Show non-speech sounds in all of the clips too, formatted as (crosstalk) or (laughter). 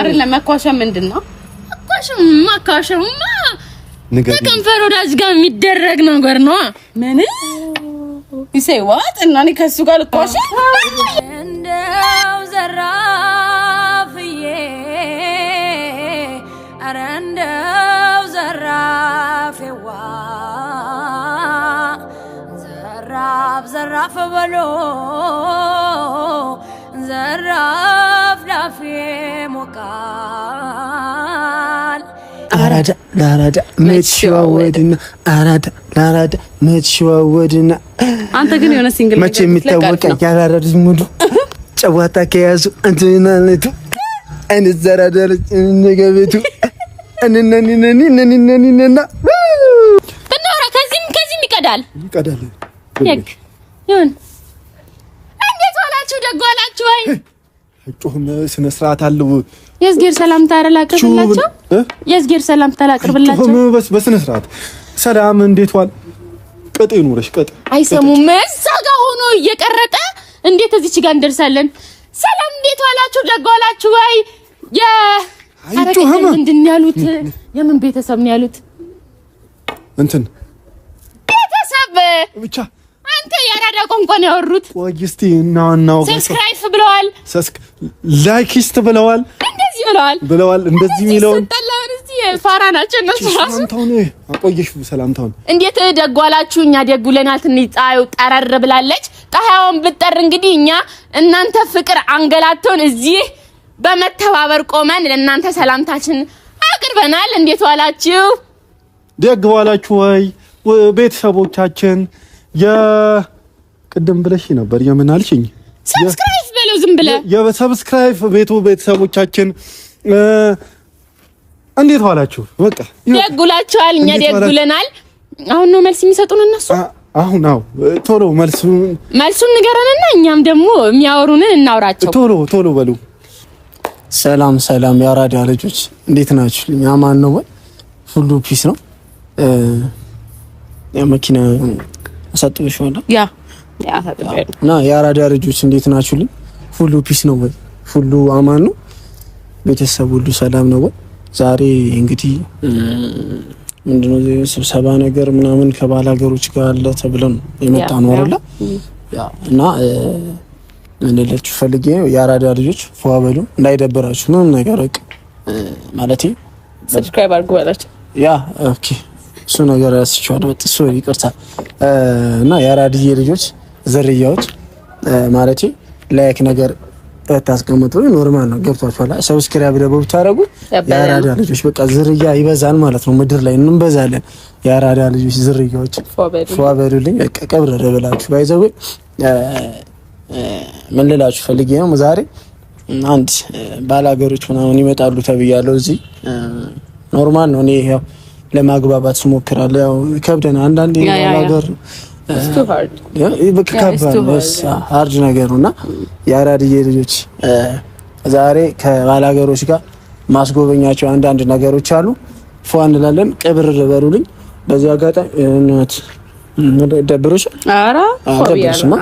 አይደለም መኳሻ ምንድን ነው? መኳሻ መኳሻማ ከከንፈር ወዳጅ ጋር የሚደረግ ነገር ነው። ምን ይሰይ ዋት እና እኔ ከሱ ጋር ልኳሻ እንደው ዘራፍዬ፣ ኧረ እንደው ዘራፌዋ ዘራፍ ዘራፍ በሎ ዘራፍ አፌ ሞቃል። አራዳ ለአራዳ መተሸዋወድና አራዳ ለአራዳ መተሸዋወድና አንተ ግን የሆነ ሲንግል መቼ የሚታወቅ ያራራድ ሙዱ ጨዋታ ከያዙ እንትናነቱ እንዘራደረች ነገቤቱ እንነኒነኒነኒነኒነና እናውራ። ከዚህም ከዚህም ይቀዳል ይቀዳል። ይሁን። እንዴት ዋላችሁ? ደግ ዋላችሁ ወይ? ጮህም ስነ ስርዓት አለው። የእዝጌር ሰላምታ አላቅርብላቸው፣ የእዝጌር ሰላምታ አላቅርብላቸው። በስነ ስርዓት ሰላም፣ እንዴት ዋል? ቀጥ ይኑረሽ፣ ቀጥ አይሰሙም። እዛ ጋር ሆኖ እየቀረጠ እንዴት እዚች ጋር እንደርሳለን? ሰላም፣ እንዴት ዋላችሁ? ደግ ዋላችሁ ወይ? የአረቀኝ ምንድን ያሉት? የምን ቤተሰብ ነው ያሉት? እንትን ቤተሰብ ብቻ አንተ የአራዳ ቋንቋ ነው ያወሩት። ቆይ እስቲ እና እናው ሰብስክራይብ ብለዋል። ላኪስት ብለዋል ብለዋል እንደዚህ የሚለውን ፋራ ናቸው እነሱ ራሱ። አቆየሽ ሰላምታውን እንዴት እኛ ደጉለናል። ትንሽ ፀሐዩ ጠረር ብላለች። እንግዲህ እኛ እናንተ ፍቅር አንገላተውን እዚህ በመተባበር ቆመን ለእናንተ ሰላምታችን አቅርበናል። እንዴት ዋላችሁ? ደግ ዋላችሁ ወይ ቤተሰቦቻችን? የቅድም ብለሽ ነበር የምን አልሽኝ? ሰብስክራይብ በለው ዝም ብለህ የሰብስክራይብ ቤቱ ቤተሰቦቻችን እንዴት ዋላችሁ? በቃ ደጉላችኋል፣ እኛ ደጉለናል። አሁን ነው መልስ የሚሰጡን እነሱ። አሁን አው ቶሎ መልሱ መልሱን ንገረንና እኛም ደግሞ የሚያወሩንን እናውራቸው። ቶሎ ቶሎ በሉ። ሰላም ሰላም፣ የአራዳ ልጆች እንዴት ናችሁ? እኛ ማን ነው ወይ ሁሉ ፒስ ነው። የመኪና ሰጥቶሽ ሆነ ያ ያ እና የአራዳ ልጆች እንዴት ናችሁልኝ? ሁሉ ፒስ ነው ወይ? ሁሉ አማን ነው? ቤተሰብ ሁሉ ሰላም ነው ወይ? ዛሬ እንግዲህ ምንድነው ስብሰባ ነገር ምናምን ከባል ሀገሮች ጋር አለ ተብለን የመጣ ነው አይደለ? እና እንለች ፈልጌ ነው የአራዳ ልጆች ፏበሉ እንዳይደብራችሁ ምንም ነገር በቃ ማለቴ ሰብስክራይብ አድርጉ ባላችሁ ያ ኦኬ እሱ ነገር ያስቸዋል። ወጥ እሱ ይቅርታ እና የአራድዬ ልጆች ዝርያዎች ማለቴ ላይክ ነገር ታስቀምጡ ኖርማል ነው። ገብቷችኋል? ሰብስክራይብ ደግሞ ብታረጉ የአራዳ ልጆች በቃ ዝርያ ይበዛል ማለት ነው። ምድር ላይ እንበዛለን። የአራዳ ልጆች ዝርያዎች ፏበሉልኝ። በቃ ቀብረ ረበላችሁ ባይዘው ምን ልላችሁ ፈልጌ ነው። ዛሬ አንድ ባላገሮች ምናምን ይመጣሉ ተብያለሁ። እዚህ ኖርማል ነው። እኔ ያው ለማግባባት ስሞክራለሁ። ያው ከብደና አንዳንዴ ባላገር ሀርድ ነገሩ እና የአራድዬ ልጆች ዛሬ ከባላገሮች ጋር ማስጎበኛቸው አንዳንድ ነገሮች አሉ። ፏ እንላለን። ቅብር በሉልኝ በዚህ አጋጣሚ ደብሮች ደብሮችማ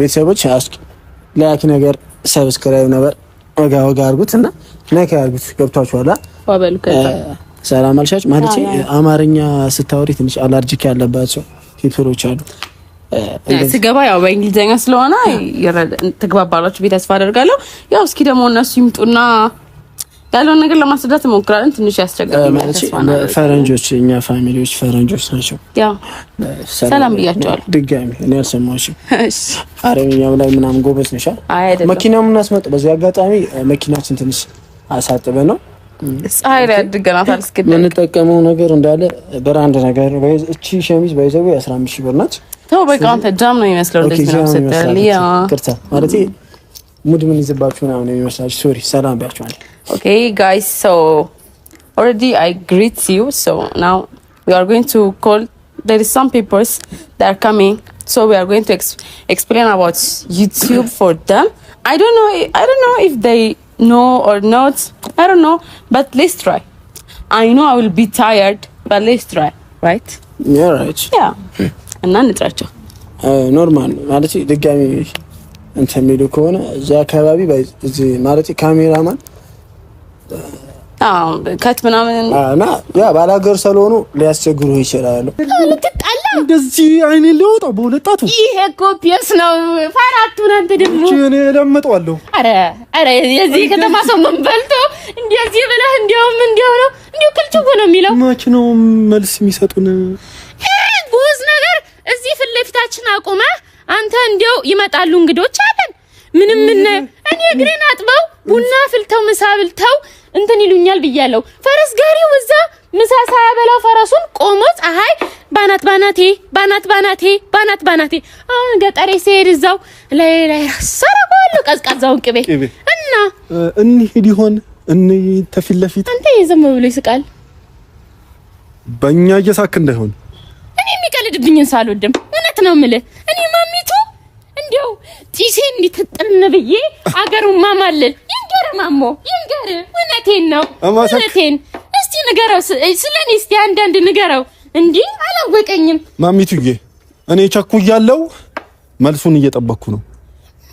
ቤተሰቦች አስኪ ላያኪ ነገር ሰብስክራይብ ነበር ወጋ ወጋ አርጉት እና ነካ አርጉት ገብቷችኋል። ሰላም አልሻች ማለት አማርኛ ስታወሪ ትንሽ አላርጂክ ያለባቸው ቲቶሮች አሉ። ስገባ ያው በእንግሊዝኛ ስለሆነ ተግባባላችሁ ቤት ተስፋ አደርጋለሁ። ያው እስኪ ደግሞ እነሱ ይምጡና ያለውን ነገር ለማስረዳት እሞክራለን። ትንሽ ያስቸግራል። ፈረንጆች እኛ ፋሚሊዎች ፈረንጆች ናቸው። ሰላም ብያቸዋለሁ ድጋሚ። እኔ አልሰማሁሽም። አረብኛው ላይ ምናምን ጎበዝ ነሻል። መኪናው ምናስመጡ በዚህ አጋጣሚ መኪናችን ትንሽ አሳጥበ ነው ፀሐይ ላይ አድገናት አልስክድ የምንጠቀመው ነገር እንዳለ ብራንድ ነገር እቺ ሸሚዝ ባይዘው አስራ አምስት ሺህ ብር ናት። ተው በቃ አንተ ጃም ነው የሚመስለው ማለት ሙድ ምን ይዝባችሁ ነው የሚመስላች። ሶሪ ሰላም ቢያችኋል። ኦኬ ጋይስ ሶ ኦልሬዲ አይ ግሪት ዩ ሶ ናው ዊ አር ጎይንግ ቱ ኮል there is some papers that are coming so we are going to ex explain about YouTube for them I don't know I don't know if they no or not i don't know but let's try i know i will be tired but let's try right yeah right yeah እና እንጥራቸው ኖርማል ማለት ድጋሚ እንትን የሚሉ ከሆነ እዚያ አካባቢ ማለት ካሜራማን ከት ምናምን እና ያ ባላገር ስለሆኑ ሊያስቸግሩ ይችላሉ እንደዚህ አይኔ ሊወጣ በሁለጣቱ ይሄ እኮ ፒስ ነው። ፋራቱ ናንተ ደግሞ እኔ ለምጠዋለሁ። አረ አረ የዚህ ከተማ ሰው ምን በልቶ እንደዚህ ብለህ እንዲያውም እንዲያው ነው እንዲሁ ክልጭው ነው የሚለው። መች ነው መልስ የሚሰጡን? ጉዝ ነገር እዚህ ፊት ለፊታችን አቁመ አንተ እንዲያው ይመጣሉ እንግዶች አለን ምንም ምን እኔ እግሬን አጥበው ቡና ፍልተው ምሳ ብልተው እንትን ይሉኛል ብያለሁ። ፈረስ ጋሪው እዛ ምሳ ሳያበላው ፈረሱን ቆሞ ፀሐይ ባናት ባናቴ ባናት ባናቴ ባናት ባናቴ። አሁን ገጠሬ ሲሄድ እዛው ላይ ላይ ሰረባሉ ቀዝቃዛውን ቅቤ እና እንሂድ ይሆን እንሂድ ተፊት ለፊት አንተ የዘም ብሎ ይስቃል። በእኛ እየሳክ እንዳይሆን እኔ የሚቀልድብኝን ሳልወድም እውነት ነው የምልህ እንደው ጢሴ እንዲትጥን ብዬ አገሩን ማማለል ይንገር፣ ማሞ ይንገር። እውነቴን ነው እውነቴን። እስቲ ንገረው፣ ስለኔ እስቲ አንዳንድ ንገረው። እንዲህ አላወቀኝም። ማሚቱዬ እኔ እያለው መልሱን እየጠበኩ ነው።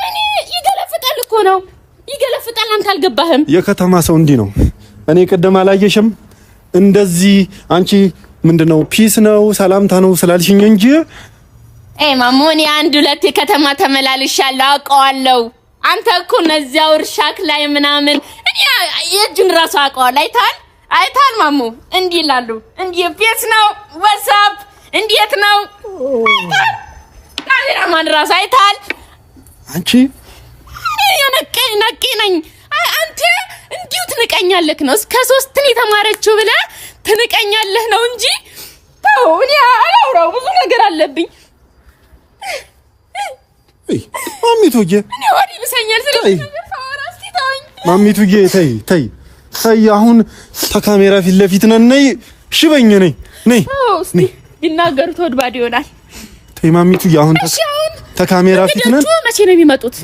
እኔ ይገለፍጣል እኮ ነው ይገለፍጣል። አንተ አልገባህም። የከተማ ሰው እንዲህ ነው። እኔ ቅድም አላየሽም እንደዚህ አንቺ ምንድነው ፒስ ነው ሰላምታ ነው ስላልሽኝ እንጂ ኤ ማሞ አንድ ሁለት ከተማ ተመላልሻለሁ፣ አውቀዋለሁ። አንተ እኮ እነዚያው እርሻክ ላይ ምናምን እኔ የእጁን ራሱ አውቀዋለሁ። አይታል አይታል ማሞ እንዲህ ይላሉ። እንዲህ ፒስ ነው ዋትስአፕ እንዴት ነው ካሜራማን ራሱ አይታል። አንቺ ነቄ ነቄ ነኝ። አንተ እንዲሁ ትንቀኛለህ ነው እስከ ሶስት ነው የተማረችው ብለህ ትንቀኛለህ ነው እንጂ ተው፣ እኔ አላውራው ብዙ ነገር አለብኝ ማሚቱዬ ማሚቱዬ ተይ ተይ ተይ። አሁን ከካሜራ ፊት ለፊት ነን። ነይ ሽበኝ ነይ ነይ። ቢናገሩት ወድ ባድ ይሆናል። ተይ ማሚቱዬ፣ አሁን ከካሜራ ፊት ነን። መቼ ነው የሚመጡት?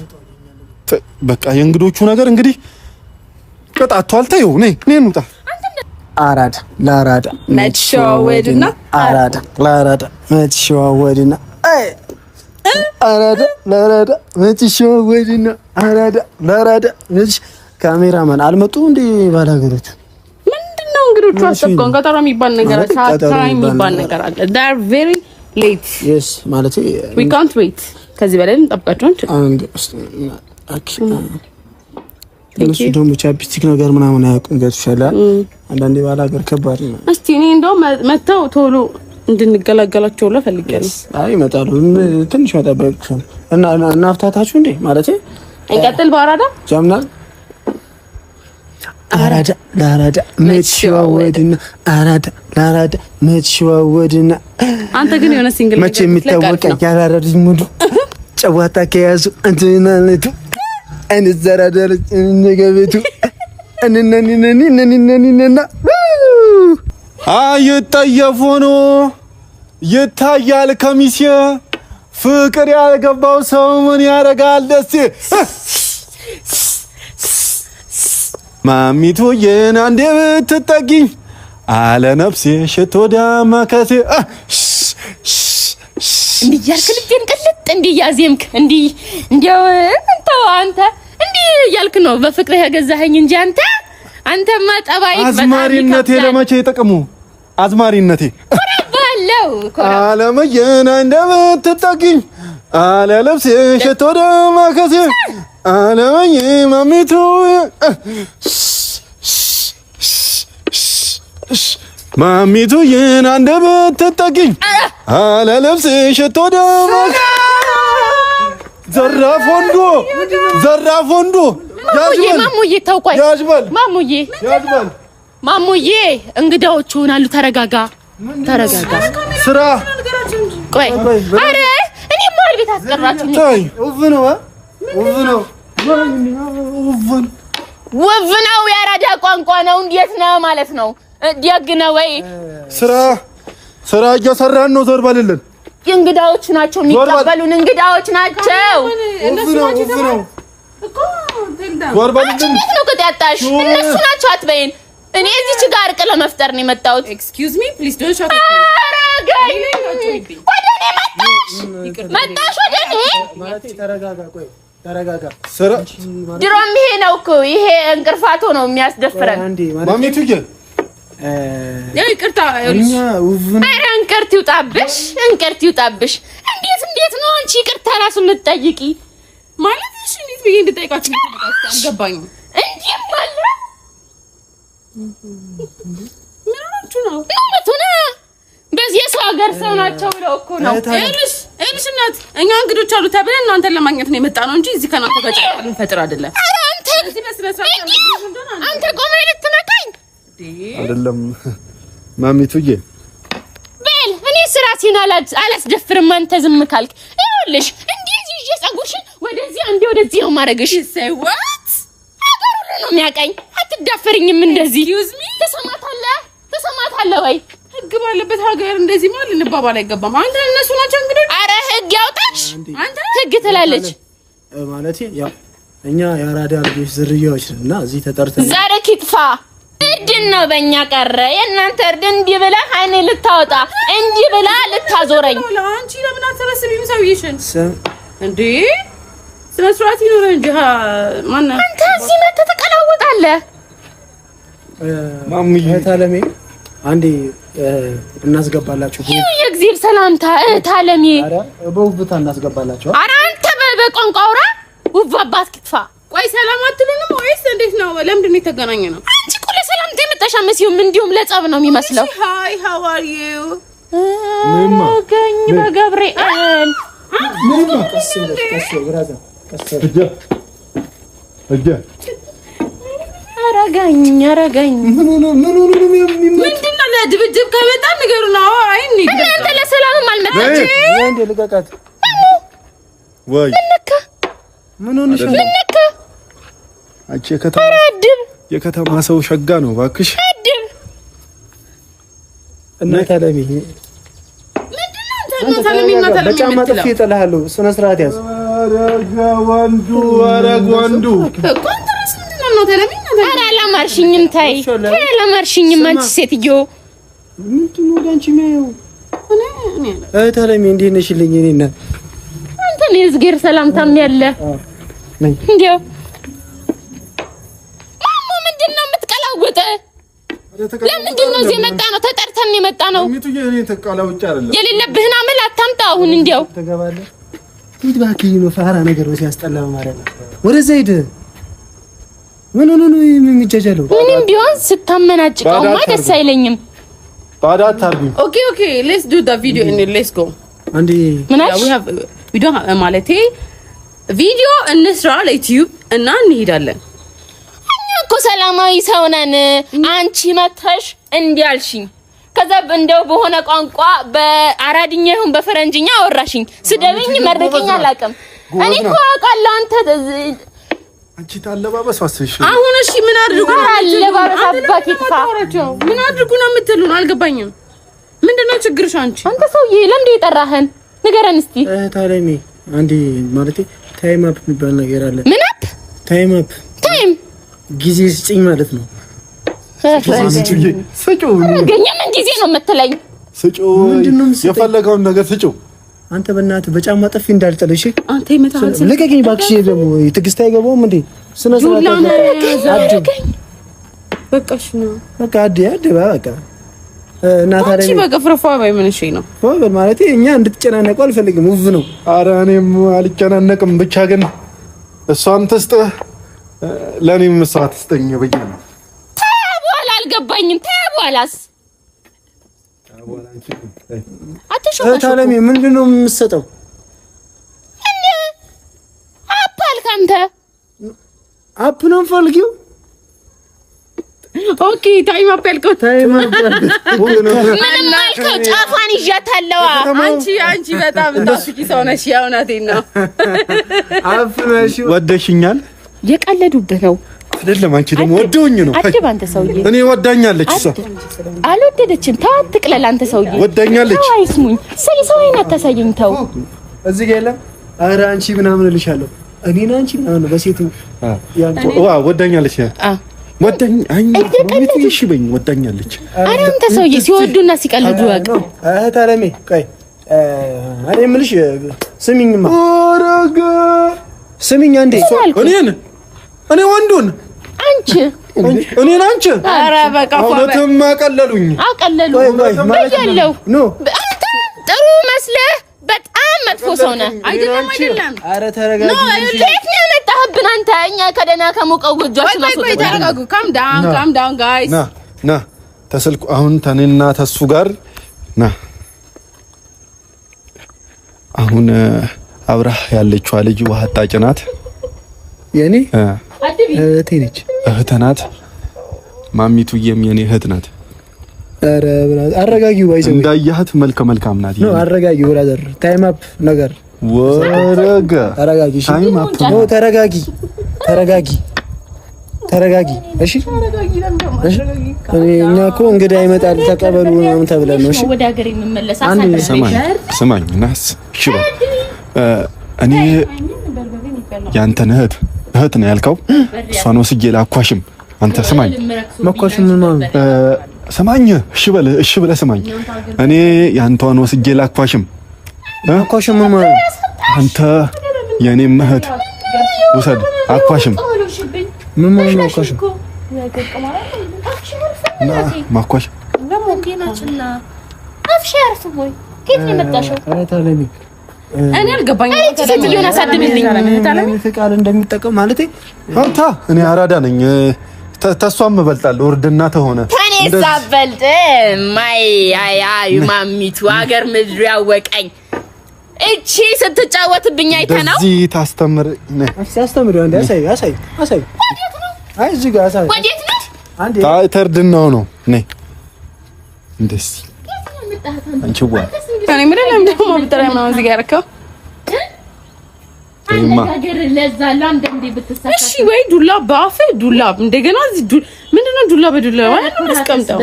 በቃ የእንግዶቹ ነገር እንግዲህ ቀጣቷል። ተይው ነይ ነይ እንውጣ። አራዳ ለአራዳ መች ሸዋወድና አራዳ ለአራዳ መች ሸዋወድና አራዳ ለአራዳ መችሽ አራዳ ለአራዳ ካሜራማን አልመጡ እንዴ? ባላገሮች ምንድን ነው እንግዶቹ? አስቸኳን የሚባል ነገር አለ፣ የሚባል ነገር አለ። ማለት ከዚህ በላይ እንጠብቃቸው አንድ ኦኬ ቻፕስቲክ ነገር ምናምን አያውቁም። ገብቶሻል። አንዳንዴ ባላገር ከባድ ነው። እስቲ እኔ እንደው መተው ቶሎ እንድንገላገላቸው ለፈልጋለሁ። ይመጣሉ፣ ትንሽ መጠበቅ እና እናፍታታችሁ እንዴ ማለት እንቀጥል። በአራዳ ጀምና አራዳ ለአራዳ መችዋወድና አራዳ ለአራዳ መችዋወድና አንተ ግን የሆነ ሲንግል መቼ የሚታወቀ ያራራድ ሙዱ ጨዋታ ከያዙ እንትናለቱ እንዘራደረች ነገቤቱ እንነኒነኒ ነኒነኒነና አይጠየፉ ነው ይታያል ከሚሴ ፍቅር ያልገባው ሰው ምን ያደርጋል? ደስ ማሚቱ ማሚቱዬን አንዴ ብትጠጊኝ አለ ነፍሴ ሽቶ ዳማ ከሴ እንዲህ እያልክ ልቤን ቅልጥ እንዲህ እያዜምክ እንዲህ እንዲያው እንተው አንተ እንዲህ እያልክ ነው በፍቅር ያገዛኸኝ እንጂ አንተ አንተማ ጠባይክ አዝማሪነቴ ለመቼ ጥቅሙ አዝማሪነቴ አለው አለምዬን እንደምትጠጊኝ አለ ልብሴ ሽቶ ደማከሴ አለምዬ ማሚቱ ማሚቱዬን እንደምትጠጊኝ አለ ልብሴ ሽቶ ደማከሴ ዘራፍ ወንዶ ዘራፍ ወንዶ ማሙዬ ታውቋል። ማሙዬ ማሙዬ እንግዳዎቹ ናሉ። ተረጋጋ ተረጋጋ። ስራ ቆይ። ኧረ እኔ ማል ቤት አስቀራችሁ ነው ውብ ነው። የአራዳ ቋንቋ ነው። እንዴት ነው ማለት ነው? ደግ ነው ወይ? ስራ ስራ እየሰራን ነው። ዞር በልልን። እንግዳዎች ናቸው የሚቀበሉን፣ እንግዳዎች ናቸው። ዞር በልልን። እንዴት ነው ቅጥ ያጣሽ? እነሱ ናቸው አትበይን እኔ እዚች ጋር እርቅ ለመፍጠር ነው የመጣሁት። ኤክስኪውዝ ሚ ፕሊዝ ዶንት ሻውት አት ሚ። ወደ እኔ መጣሽ መጣሽ፣ ወደ እኔ ተረጋጋ። ቆይ ተረጋጋ። ድሮም ይሄ ነው እኮ ይሄ እንቅርፋቶ ነው የሚያስደፍረን። ማሚቱ ግን ይቅርታ እኛ ኧረ እንቅርት ይውጣብሽ፣ እንቅርት ይውጣብሽ። እንዴት እንዴት ነው አንቺ ይቅርታ እራሱ የምትጠይቂ ማለት? እሺ እንዴት ብዬሽ እንድጠይቃችሁ አልገባኝም። እንዴት ማለት ምን የሰው ሀገር ሰው እኛ እንግዶች አሉ ተብለን እናንተን ለማግኘት ነው የመጣ ነው እንጂ እዚህ ከእናንተ ጋር ጨዋታ ልንፈጥር አይደለም። አንተ ቆመህ አይደለም ማሚቱዬ። በል እኔ አላስደፍርም አንተ ዝም ካልክ። ይኸውልሽ ፀጉርሽን ወደዚህ አንዴ ወደዚህ ነው የማደርግሽ። ይሰዋት ሀገር ሁሉ ነው የሚያቀኝ አትዳፈርኝም እንደዚህ ተሰማታለህ ተሰማታለህ ወይ ህግ ባለበት ሀገር እንደዚህ ማለት ልንባባል አይገባም አንተ እነሱ ናቸው እንግዲህ አረ ህግ ያውጣሽ አንተ ህግ ትላለች ማለት ያው እኛ የአራዳ ልጆች ዝርያዎች እና እዚህ ተጠርተን ዛሬ ኪጥፋ እድን ነው በእኛ ቀረ የእናንተ እርድ እንዲህ ብላ አይኔ ልታወጣ እንዲህ ብላ ልታዞረኝ አንቺ ለምን አትሰበስቢም ሰውዬሽን እንዴ ስነ ስርዓት ይኖር እንጂ ማን አንተ እዚህ መተህ ተቀላወጣለህ እህት አለሜ አንዴ እናስገባላችሁ። የእግዚአብሔር ሰላምታ እህት አለሜ በውብታ እናስገባላችሁ። ኧረ አንተ በቋንቋ አውራ ውብ አባት ክትፋ። ቆይ ሰላም አትሉንም ወይስ እንዴት ነው? ለምንድን ነው የተገናኘ ነው? አንቺ እኮ ለሰላምታ የመጣሽ መስዩም፣ እንዲሁም ለጸብ ነው የሚመስለው። ሃይ ሃው አር ዩ ገኝ በገብርኤል ምንም ቀስ ቀስ ብራዘር ቀስ አረጋኝ አረጋኝ። ምን ነው ለሰላም አልመጣችም እንዴ? ልቀቃት ወይ ምን ሆነሽ አንቺ የከተማ የከተማ ሰው ሸጋ ነው እባክሽ። አድም እና ታለሚ በጫማ ጥፊ እጥልሃለሁ። ስነ ስርዓት ያዝ። ወንዱ ወንዱ ነው ተለሚ ኧረ አላማርሽኝም። ታይ ኧረ አላማርሽኝም። አንቺ ሴትዮ ምንድን ነው አንቺ የሚያየው? እህት አለሜ እንዴት ነሽልኝ? እኔ እና አንተ ነው የእዝጌር ሰላምታም ያለ እንዲያው ማሞ ምንድን ነው የምትቀላውጥ? ለምንድን ነው እዚህ የመጣ ነው? ተጠርተን የመጣ ነው። የሌለብህን አመል አታምጣ። አሁን እንዲያው ትገባለህ። ሂድ እባክህ። ነው ፋራ ነገር ሲያስጠላ ማለት ነው። ወደዛ ሂድ ምን ምን የሚጃጃለው? ምንም ቢሆን ስታመናጭቀውማ ደስ አይለኝም። ባዳ ታርጉ። ኦኬ ኦኬ ሌትስ ዱ ዘ ቪዲዮ ኢን ሌትስ ጎ አንዴ ምን አልሽ? ቪዲዮ ማለቴ ቪዲዮ እንስራ ለዩቲዩብ እና እንሄዳለን። እኛ እኮ ሰላማዊ ሰው ነን። አንቺ መተሽ እንዲያልሽኝ ከዛ እንደው በሆነ ቋንቋ በአራድኛ ይሁን በፈረንጅኛ አወራሽኝ። ስደብኝ መርቀኝ አላውቅም። እኔ እኮ አውቃለሁ አንተ አንቺ ታለባበስ አስሽ አሁን እሺ፣ ምን አድርጉ ምን አድርጉ ነው የምትሉን? አልገባኝም። ምንድነው ችግርሽ? አንቺ አንተ ሰውዬ ለምንድን የጠራህን ንገረን እስቲ። ታዲያ አንዴ ማለቴ ታይም አፕ የሚባል ነገር አለ። ምን አፕ? ታይም አፕ። ታይም ጊዜ ስጭኝ ማለት ነው። ስጭው። ምን ጊዜ ነው የምትለኝ? ስጭው። የፈለገውን ነገር ስጭው አንተ በእናትህ በጫማ ጥፊ እንዳልጥል። እሺ አንተ ይመታሃል። ልቀቂኝ እባክሽ። ደግሞ ትዕግስት አይገባውም እንዴ? ስነ ስርዓት በቃሽ ነው። በቃ አዲ አዲ በቃ እና ታዲያ አንቺ በቃ ፍረፋ ባይ ምን እሺ ነው ፎብል ማለት እኛ እንድትጨናነቁ አልፈልግም። ውብ ነው። ኧረ እኔም አልጨናነቅም። ብቻ ግን እሷን ትስጥህ ለእኔም እሷ ትስጠኝ ብዬሽ ነው። ተይ በኋላ አልገባኝም። ተይ በኋላስ አትሸውታለም። ምንድን ነው የምትሰጠው? አፕ አልክ አንተ። አፕ ነው የምፈልጊው። ኦኬ ታይም አፕ ያልከው ታይም ምንም አልከው። ጫፏን ይዣታለዋ። አንቺ አንቺ በጣም እንዳስቂ ሰው ነሽ። ያውናቴ ነው አፍ ነሽ። ወደሽኛል። የቀለዱብህ ነው አይደለም አንቺ ደግሞ ወደውኝ ነው። አድብ አንተ ሰውዬ፣ እኔ ወዳኛለች። እሷ አልወደደችም። ተው አትቅለል አንተ ሰውዬ፣ ወዳኛለች። ተው አይስሙኝ፣ ሰይ ሰው አይን አታሳየኝ። ተው እዚህ ጋር የለም። ኧረ አንቺ ምናምን እልሻለሁ። እኔን አንቺ ምናምን በሴት ዋ ወዳኛለች ወዳኝ በኝ ወዳኛለች። ኧረ አንተ ሰውዬ ሲወዱና ሲቀልዱ ያውቅ እህት አለሜ ቆይ እኔ የምልሽ ስሚኝማ፣ ኧረ ስሚኝ አንዴ እኔን እኔ ወንዱን አንቺ እኔን አንቺ ኧረ በቃ እውነትም አቀለሉኝ አቀለሉኝ አንተ ጥሩ መስለህ በጣም መጥፎ ሰው ነህ። አይደለም አይደለም። አንተ? እኛ ከደህና ከሞቀው ካም ዳውን ካም ዳውን ጋይስ። ና ና ተስልኩ አሁን ተኔና ተሱ ጋር ና አሁን አብራህ ያለችዋ ልጅ ውሃ ናት። የኔ እህቴ ነች። እህት ናት። ማሚቱዬም የኔ እህት ናት። ኧረ ብራዘር አረጋጊው ባይዘው እንዳያህት መልከ መልካም ናት። ነው አረጋጊው ብራዘር ታይም አፕ ነገር ወረገ አረጋጊ ታይም አፕ ነው። ተረጋጊ ተረጋጊ ተረጋጊ። እሺ እኛ እኮ እንግዳ ይመጣል ተቀበሉ ምናምን ተብለን ነው። እሺ ስማኝ ናስ እሺ እኔ ያንተን እህት እህት ነው ያልከው፣ እሷን ወስጄ ላኳሽም። አንተ ስማኝ፣ ስማኝ፣ እሺ በለ፣ እሺ በለ፣ ስማኝ። እኔ ያንተዋን ወስጄ ላኳሽም። አኳሽም አንተ የኔም እህት ውሰድ፣ አኳሽም። ምን ማለት ነው አኳሽም? ማኳሽ ለምን አፍሽ ያርፍ ወይ ኬት ነው መጣሽው? እኔ አልገባኝም። ማለት ታ እኔ አራዳ ነኝ። ተሷም እበልጣለሁ። እርድና ተሆነ ከኔ ሳበልጥ ማይ አያዩ ማሚቱ አገር ምድሩ ያወቀኝ እቺ ስትጫወትብኝ አይተህ ነው። እዚህ ታስተምር ነው ነው ነው የምልህ። ለምን ደግሞ ማብጠሪያ ነው እዚህ ጋር ያደረከው? እሺ ወይ ዱላ በአፍህ ዱላ እንደገና እዚህ ምንድን ነው ዱላ በዱላ ማለት ነው ያስቀምጠው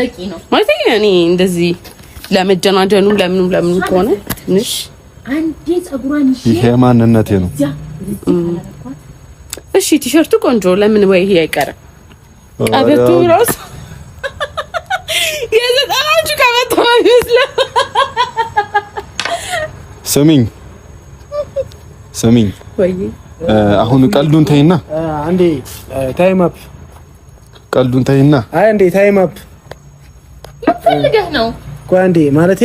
ማለት እኔ እንደዚህ ለመደናደኑ ለምንም ለምኑ ከሆነ ትንሽ ይሄ ማንነቴ ነው። እሺ ቲሸርቱ ቆንጆ ለምን ወይ ይሄ አይቀርም? ቀበቶ ራሱ (laughs) የዘጠናዎቹ ቀበቶ ነው ስሚኝ ስሚኝ፣ አሁን ቀልዱን ተይና፣ አንዴ ታይም አፕ። ቀልዱን ተይና፣ አንዴ ታይም አፕ። ልፈልገህ ነው እኮ አንዴ። ማለቴ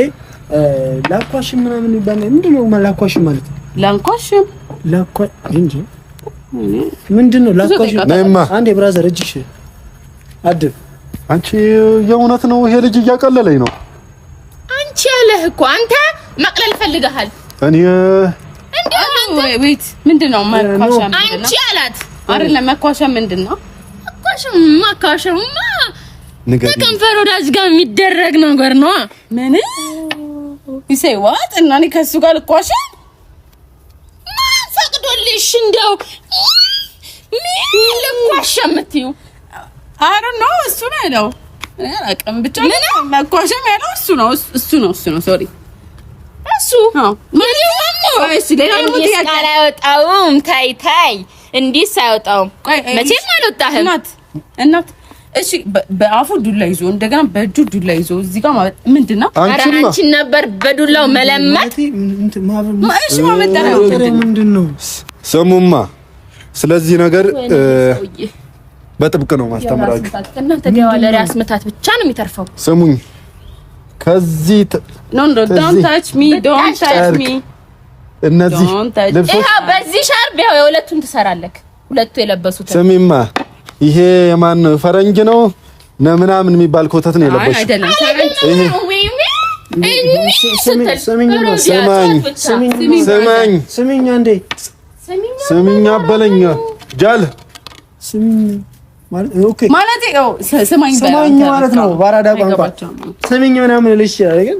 ላኳሽም ምናምን ይባላል። ምንድን ነው ላኳሽም ማለት? ላንኳሽም ላኳ እንጂ ምንድን ነው ላኳሽም? ነይማ አንዴ ብራዘር፣ እጅሽ አድብ። አንቺ የእውነት ነው ይሄ ልጅ እያቀለለኝ ነው። አንቺ ያለህ እኮ አንተ መቅለል ፈልገሃል እኔ ወይት ምንድን ነው መኳሻ? አንቺ አላት አይደለም መኳሻ ምንድን ነው? መኳሻማ ከከንፈር ወዳጅ ጋር የሚደረግ ነገር ነው። ምን ይሰይ ዋት እና እኔ ከሱ ጋር ልኳሽ ማን ፈቅዶልሽ? እንደው ምን የምትይው አረ ነው እሱ ነው ያለው። አላውቅም ብቻ መኳሻም ያለው እሱ ነው እሱ ነው እሱ ነው ሶሪ እሱ አላወጣውም። ታይ ታይ እንዲስ አያወጣውም። መቼም አልወጣህም። እናት እሺ፣ በአፉ ዱላ ይዞ እንደገና በእጁ ዱላ ይዞ እዚህ ጋር ማለት ምንድን ነው? አንቺን ነበር በዱላው መለመት። እሺ፣ ስሙማ። ስለዚህ ነገር በጥብቅ ነው ማስተምራችሁ። ተገዋለ ራስ መታት ብቻ ነው የሚተርፈው። ስሙኝ ከዚህ ኖ ኖ ዶንት ታች እነዚህ ልብሶች በዚህ ሻርፕ ያው የሁለቱን ትሰራለህ። ሁለቱ የለበሱት ስሚማ፣ ይሄ የማን ፈረንጅ ነው ምናምን የሚባል ኮተት ነው የለበሱት። ስማኝ ስሚኝ ስሚኝ ጃል ማለት ነው ቋንቋ ስሚኝ ምናምን ልሽ ግን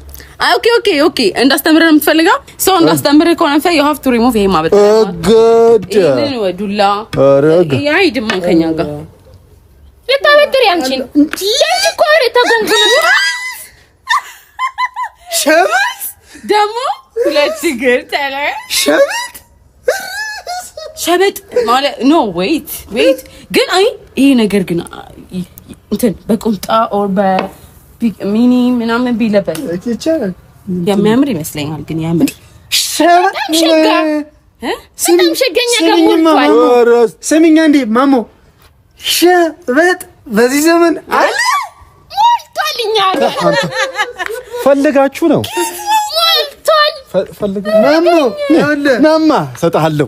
ኦኬ ኦኬ ኦኬ እንዳስተምር ነው የምትፈልገው? ሰው እንዳስተምር ከሆነ ፈ ዩ ሃቭ ቱ ሪሙቭ ይሄ ማለት ነው። ግድ ይሄንን ወዱላ ረግ ያይ ድማን ከኛ ጋር ልታበጥሪ አንቺን ለምን እኮ ኧረ ተጎንጉነ ሸበት ደግሞ ሁለት ችግር ተለ ሸበት ሸበጥ ማለት ኖ ዌይት ዌይት ግን አይ ይሄ ነገር ግን እንትን በቁምጣ ኦር በ ሚኒ ምናምን ቢለበት ይቻላል። የሚያምር ይመስለኛል። ግን ያምር በጣም ሸገኛ እንዴ ማሞ ሸበጥ በዚህ ዘመን አለ ሞልቷልኛ ፈልጋችሁ ነው ሞልቷል። ፈልጋ ማሞ ማማ ሰጣለሁ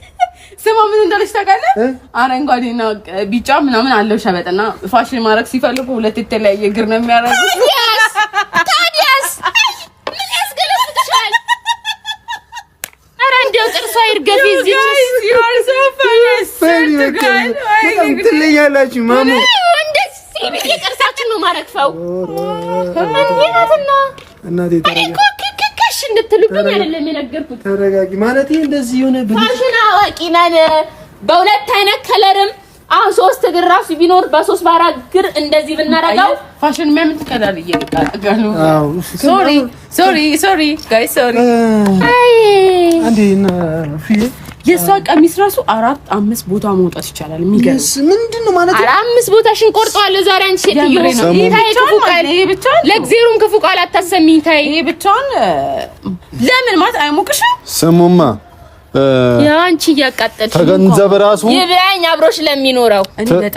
ስማ ምን እንዳለች ታውቃለህ? አረንጓዴና ቢጫ ምናምን አለው ሸበጥና ፋሽን ማድረግ ሲፈልጉ ሁለት የተለያየ እግር ነው የሚያደርጉት። ታዲያስ ምን ያስገለምጥሻል? ኧረ እንደው ጥርሷ ይርገፍ። ትለኛላችሁ ማሙ እንደዚህ ጥርሳችን ነው ማረግፈው እናቴ እንድትሉብኝ አይደለም የነገርኩት። ተረጋጊ ማለት እንደዚህ የሆነ ፋሽን አዋቂ ነን። በሁለት አይነት ከለርም አሁን ሶስት እግር ራሱ ቢኖር በሶስት በአራት እግር እንደዚህ ብናረጋው ፋሽን ምን ከለር እየቀላቀሉ አዎ፣ ሶሪ ሶሪ ሶሪ ጋይ ሶሪ አይ የእሷ ቀሚስ ራሱ አራት አምስት ቦታ መውጣት ይቻላል። የሚገርም ምንድን ነው ማለት አምስት ቦታሽን ቆርጠዋለሁ ዛሬ። አንቺ ሴትዮ ለእግዜሩም ክፉ ቃል አታሰሚኝ። ታይ ይሄ ብቻውን ለምን ማለት አይሞቅሽም? ስሙማ ያንቺ እያቃጠልሽ ተገንዘብ ራሱ ይብላኝ አብሮሽ ለሚኖረው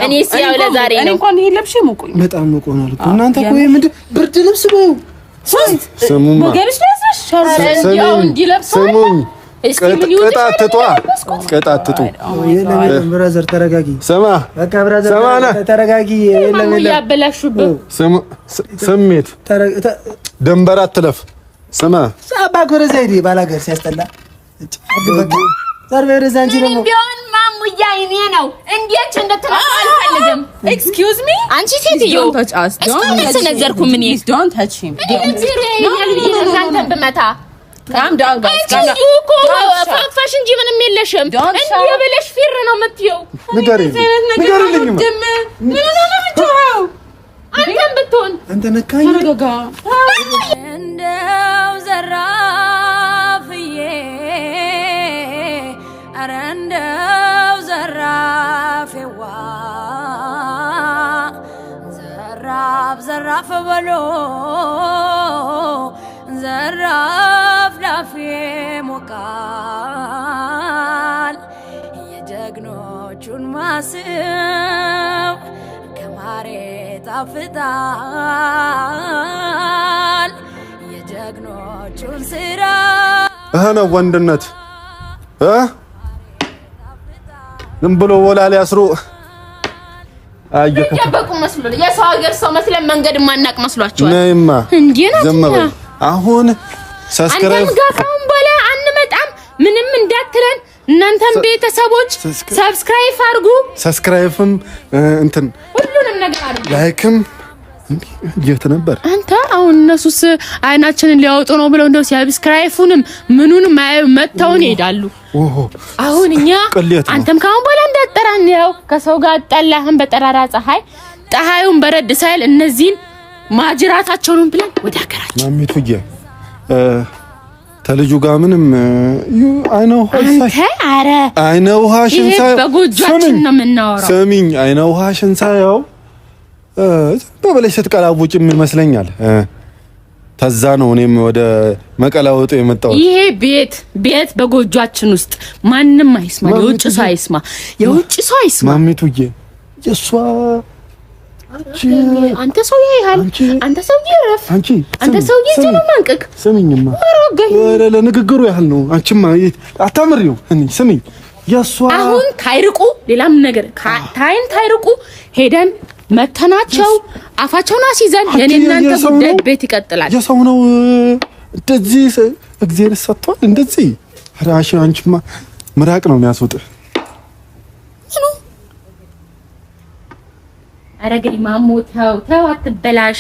እኔ ሲያው ለዛሬ ነው። እኔ እንኳን ይሄ ለብሽ ሞቆኝ በጣም ሞቆናል። እናንተ እኮ ይሄ ምንድን ብርድ ልብስ ነው። ስሙማ ገርሽ ለብሰሽ ሻርፕ እንዲለብሰው ቅጣት ትጡ። ብራዘር ተረጋጊ። ስማ ተረጋጊ። ስሜት ደንበር አትለፍ። ስማ አባት ወደዛ ሂድ። ባላገር ቢሆን ማሙያ የኔ ነው። እንዴት እንድትለው አልፈልግም። ኤክስኪውዝ ሚ አንቺ ሴትዮ ተነዘርኩ። ምን ዶንት ታች ሂም እናንተን ብመታ ፋፋሽ እንጂ oh, ምንም የለሽም። እንዲህ ብለሽ ፊር ነው የምትይው። አንተም ብትሆን እንደው ዘራፍዬ፣ ኧረ እንደው ዘራፌዋ ዘራፍ ዘራፍ በሎ ዘራፍ ካፌ ሞቃል የጀግኖቹን ማስብ ከማሬ ጣፍጣል የጀግኖቹን ስራ እህ ነው ወንድነት እ ዝም ብሎ ወላሊ አስሮ እየደበቁ መስሎ የሰው ሀገር ሰው መስለን መንገድ ማናቅ መስሏቸዋል። ነይማ እንዴ ነው አሁን አንተም ጋር ካሁን አንመጣም። ምንም እንዳትለን። እናንተም ቤተሰቦች ሰብስክራይብ አድርጉ። ሰብስክራይብም እንትን ሁሉንም ነገር አድርጉ። ላይክም የት ነበር አንተ? አሁን እነሱስ አይናችንን ሊያወጡ ነው ብለው እንደው ሰብስክራይቡንም ምኑንም መተውን ይሄዳሉ። አሁን እኛ አንተም ካሁን በኋላ እንዳጠራን ያው ከሰው ጋር ጠላህን በጠራራ ፀሐይ፣ ፀሐዩን በረድ ሳይል እነዚህን ማጅራታቸውን ብለን ወደ ሀገራችን ተልጁ ጋር ምንም አይነ ውሃ ሽንሳ ስሚኝ፣ አይነ ውሃ ሽንሳ ያው ስትቀላውጭ ይመስለኛል። ተዛ ነው እኔም ወደ መቀላ መቀላወጡ የመጣው። ይሄ ቤት ቤት በጎጇችን ውስጥ ማንም አይስማ፣ የውጭ ሰው አይስማ፣ የውጭ ሰው አይስማ። ማሚቱዬ የእሷ አንተ ሰውዬ ያህል አንተ ሰውዬ እረፍ። አንተ ሰውዬ ጀነ ማንቀቅ ስሚኝማ፣ ወረ ለንግግሩ ያህል ነው። አንቺማ አታምሪው። እኔ ስሚኝ፣ የእሷ አሁን ታይርቁ፣ ሌላም ነገር ታይም ታይርቁ፣ ሄደን መተናቸው አፋቸውን አስይዘን የኔ እናንተ ጉዳይ ቤት ይቀጥላል። የሰው ነው እንደዚህ እግዚአብሔር ሰጥቷል እንደዚህ። ኧረ አንቺማ ምራቅ ነው የሚያስወጥ ኧረ ግዲ ማሞ ተው ተው፣ አትበላሽ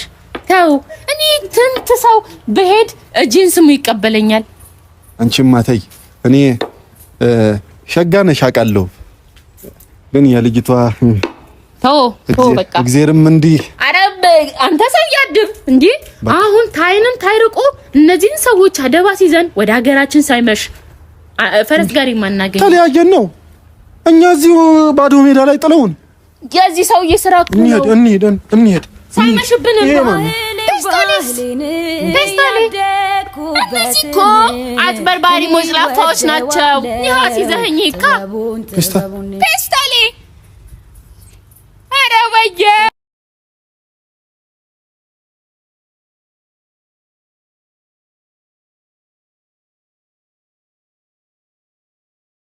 ተው። እኔ ትንት ሰው ብሄድ እጄን ስሙ ይቀበለኛል። አንቺማ ተይ። እኔ ሸጋ ነሽ አውቃለሁ፣ ግን የልጅቷ ተው ተው፣ በቃ እግዚአብሔርም እንዲህ አረብ አንተ ሰው ያድብ እንዴ! አሁን ታይንም ታይርቆ እነዚህን ሰዎች አደባ ሲዘን ወደ ሀገራችን ሳይመሽ ፈረስ ጋር የማናገኝ ተለያየን ነው። እኛ እዚሁ ባዶ ሜዳ ላይ ጥለውን የዚህ ሰውዬ ስራ እኮ ነው። እንሂድ እንሂድ አጭበርባሪ ሞጭላፋዎች ናቸው። ይህ ሲዘህኝ